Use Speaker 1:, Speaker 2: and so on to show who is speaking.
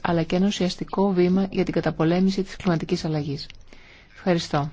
Speaker 1: αλλά και ένα ουσιαστικό βήμα για την καταπολέμηση της κλιματικής αλλαγής. Ευχαριστώ.